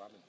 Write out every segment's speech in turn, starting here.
kwamen.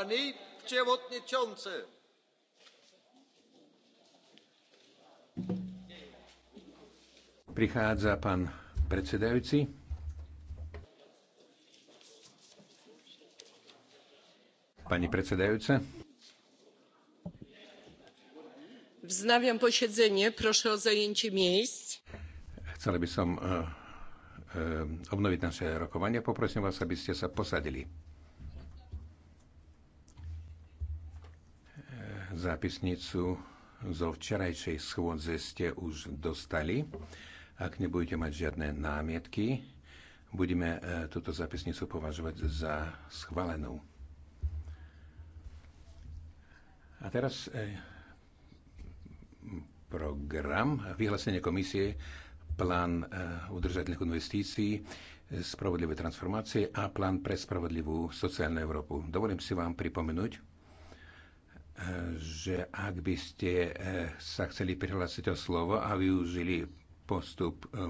Pani przewodnicząca! Prichádza pán predsedajúci. Pani predsedajúca. Wznawiam posiedzenie. Proszę o zajęcie miejsc. Chcela by som e, e, obnoviť naše rokovanie. Poprosím vás, aby ste sa posadili. Zápisnicu zo včerajšej schôdze ste už dostali. Ak nebudete mať žiadne námietky, budeme e, túto zápisnicu považovať za schválenú. A teraz e, program, vyhlásenie komisie, plán e, udržateľných investícií, spravodlivé transformácie a plán pre spravodlivú sociálnu Európu. Dovolím si vám pripomenúť, že ak by ste eh, sa chceli prihlásiť o slovo a využili postup eh,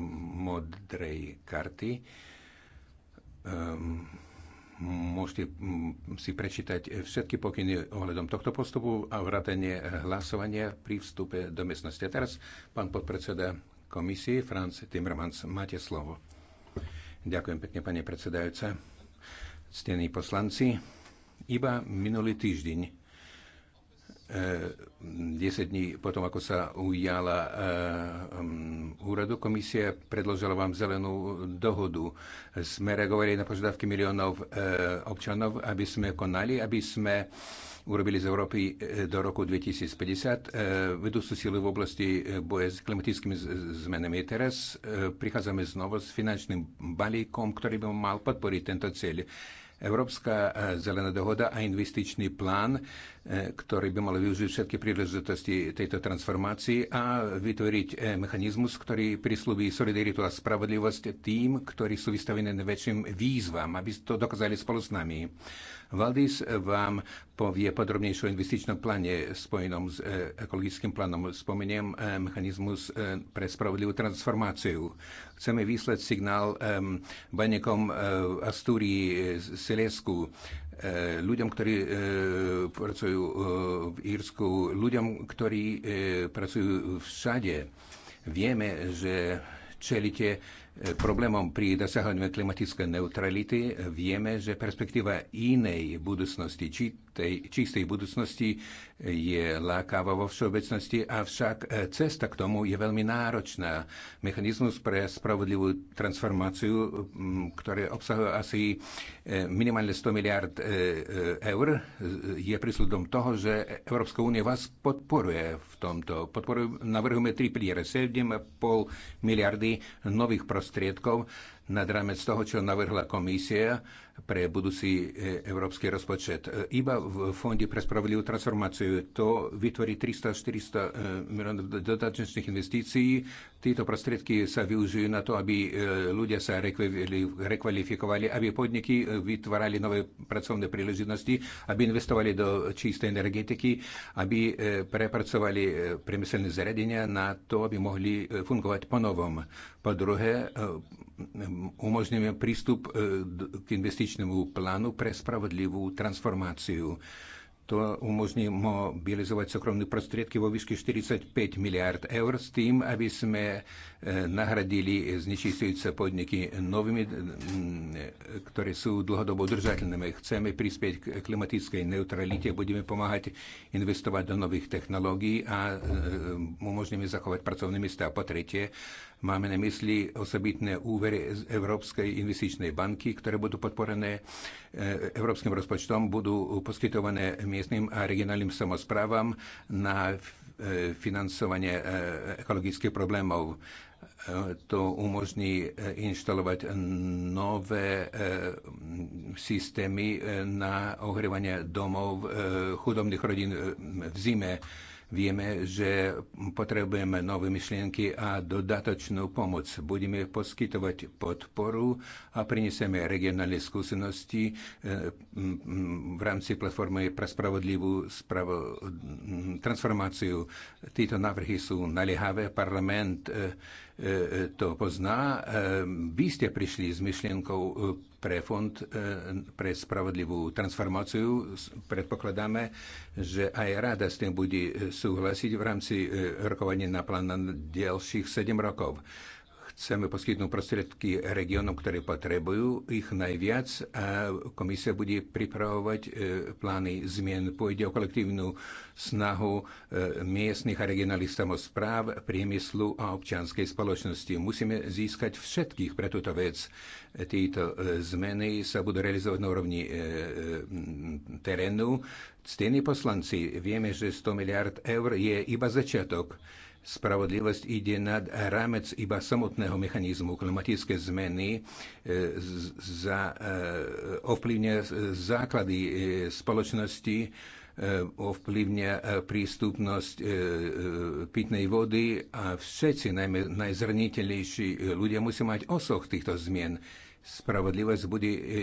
modrej karty, ehm, môžete mm, si prečítať všetky pokyny ohľadom tohto postupu a vrátanie hlasovania pri vstupe do miestnosti. A teraz pán podpredseda komisie Franz Timmermans, máte slovo. Ďakujem pekne, pani predsedajúca. Ctení poslanci, iba minulý týždeň 10 e, dní potom, ako sa ujala e, úradu, komisie predložila vám zelenú dohodu. Sme reagovali na požiadavky miliónov e, občanov, aby sme konali, aby sme urobili z Európy do roku 2050 vedúcu silu v oblasti boje s klimatickými zmenami. Teraz prichádzame znovu s finančným balíkom, ktorý by mal podporiť tento cieľ. Európska zelená dohoda a investičný plán E, ktorí by mali využiť všetky príležitosti tejto transformácii a vytvoriť e, mechanizmus, ktorý prislúbi solidaritu a spravodlivosť tým, ktorí sú vystavení najväčším výzvam, aby to dokázali spolu s nami. Valdis vám povie podrobnejšie o investičnom pláne spojenom s e, ekologickým plánom. Spomeniem mechanizmus pre spravodlivú transformáciu. Chceme vyslať signál banekom Astúrii, Silesku, E, ľuďom, ktorí e, pracujú e, v Írsku, ľuďom, ktorí pracujú všade. Vieme, že čelíte problémom pri dosahovaní klimatickej neutrality. Vieme, že perspektíva inej budúcnosti, či tej čistej budúcnosti je lákavá vo všeobecnosti, avšak e, cesta k tomu je veľmi náročná. Mechanizmus pre spravodlivú transformáciu, ktorý obsahuje asi e, minimálne 100 miliard e, eur, je prísľubom toho, že Európska únia vás podporuje v tomto. Podporujeme navrhujeme tri piliere, 7,5 miliardy nových prostriedkov nad rámec toho, čo navrhla komisia pre budúci e, európsky rozpočet. E, iba v Fonde pre spravodlivú transformáciu to vytvorí 300-400 e, miliónov dotačných investícií. Tieto prostriedky sa využijú na to, aby ľudia sa rekvalifikovali, aby podniky vytvárali nové pracovné príležitosti, aby investovali do čistej energetiky, aby prepracovali priemyselné zariadenia na to, aby mohli fungovať po novom. Po druhé, umožňujeme prístup e, k investičnému plánu pre spravodlivú transformáciu. To umožní mobilizovať súkromné prostriedky vo výške 45 miliard eur s tým, aby sme e, nahradili znečistujúce podniky novými, e, ktoré sú dlhodobo udržateľnými. Chceme prispieť k klimatickej neutralite, budeme pomáhať investovať do nových technológií a umožníme zachovať pracovné miesta. Po tretie, Máme na mysli osobitné úvery z Európskej investičnej banky, ktoré budú podporené e, európskym rozpočtom, budú poskytované miestnym a regionálnym samozprávam na e, financovanie e, ekologických problémov. To umožní inštalovať nové systémy na ohrievanie domov chudobných rodín v zime Vieme, že potrebujeme nové myšlienky a dodatočnú pomoc. Budeme poskytovať podporu a prinesieme regionálne skúsenosti e, v rámci platformy pre spravodlivú spravo- transformáciu. Títo návrhy sú naliehavé. Parlament e, E, e, to pozná. E, vy ste prišli s myšlienkou pre fond pre spravodlivú transformáciu. Predpokladáme, že aj rada s tým bude súhlasiť v rámci rokovania na plán na ďalších 7 rokov. Chceme poskytnúť prostriedky regiónom, ktoré potrebujú ich najviac a komisia bude pripravovať e, plány zmien. Pôjde o kolektívnu snahu e, miestnych a regionálnych samozpráv, priemyslu a občianskej spoločnosti. Musíme získať všetkých pre túto vec. Tieto e, zmeny sa budú realizovať na úrovni terénu. Ctení poslanci, vieme, že 100 miliard eur je iba začiatok. Spravodlivosť ide nad rámec iba samotného mechanizmu. Klimatické zmeny e, za, e, ovplyvňa základy e, spoločnosti, ovplyvňa prístupnosť pitnej vody a všetci, najmä najzrniteľnejší ľudia, musia mať osoch týchto zmien. Spravodlivosť bude e, e,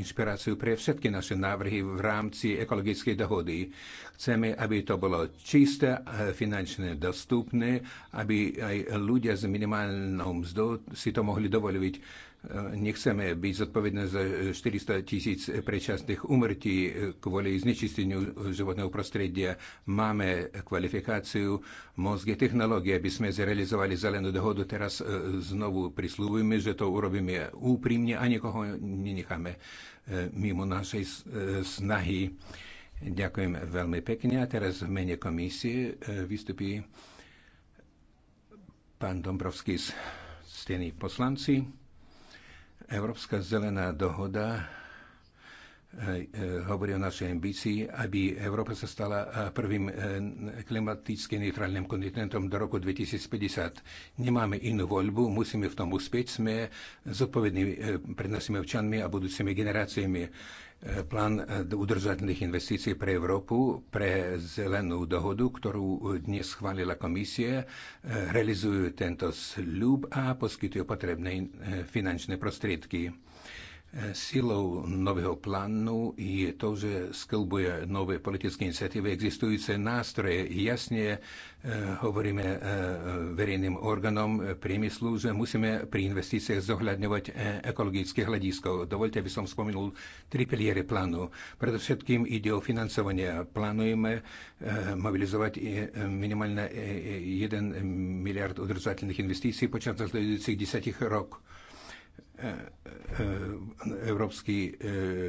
inšpiráciou pre všetky naše návrhy v rámci ekologickej dohody. Chceme, aby to bolo čisté, finančne dostupné, aby aj ľudia s minimálnou mzdou si to mohli dovoliť Nechceme byť zodpovedné za 400 tisíc predčasných umrtí kvôli znečisteniu životného prostredia. Máme kvalifikáciu, mozgy, technológie, aby sme zrealizovali zelenú dohodu. Teraz e, znovu prislúbujeme, že to urobíme úprimne a nikoho nenecháme e, mimo našej e, snahy. Ďakujem veľmi pekne. A teraz v mene komisie vystupí pán Dombrovský z steny poslanci. Európska zelená dohoda e, e, hovorí o našej ambícii, aby Európa sa stala e, prvým klimaticky neutrálnym kontinentom do roku 2050. Nemáme inú voľbu, musíme v tom uspieť, sme zodpovední pred našimi občanmi a budúcimi generáciami plán e, udržateľných investícií pre Európu, pre zelenú dohodu, ktorú dnes schválila komisie, realizujú tento sľub a poskytujú potrebné e, finančné prostriedky. Silou nového plánu je to, že sklbuje nové politické iniciatívy, existujúce nástroje. Jasne e, hovoríme e, verejným orgánom priemyslu, že musíme pri investíciách zohľadňovať e, ekologické hľadisko. Dovolte, aby som spomenul tri piliere plánu. Predovšetkým ide o financovanie. Plánujeme mobilizovať minimálne 1 miliard udržateľných investícií počas nasledujúcich 10 rokov európsky eh,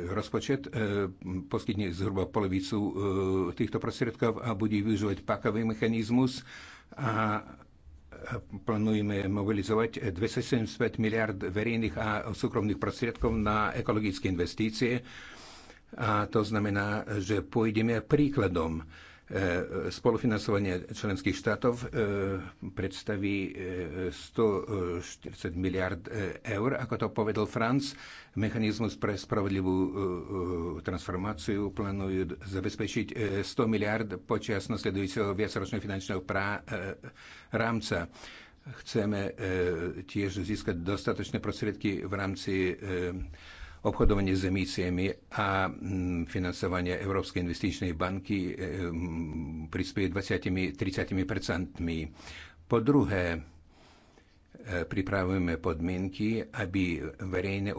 rozpočet eh, poskytne zhruba polovicu eh, týchto prostriedkov a bude využívať pakový mechanizmus a plánujeme mobilizovať 275 miliard verejných a súkromných prostriedkov na ekologické investície. A to znamená, že pôjdeme príkladom. E, spolufinancovanie členských štátov e, predstaví 140 e, miliard eur, ako to povedal Franc. Mechanizmus pre spravodlivú transformáciu plánujú zabezpečiť 100 miliard počas nasledujúceho viacročného finančného rámca chceme tiež získať dostatočné prostriedky v rámci obchodovanie s emíciami a mm, financovanie Európskej investičnej banky e, mm, prispieje 20-30 Po druhé, e, pripravujeme podmienky, aby verejné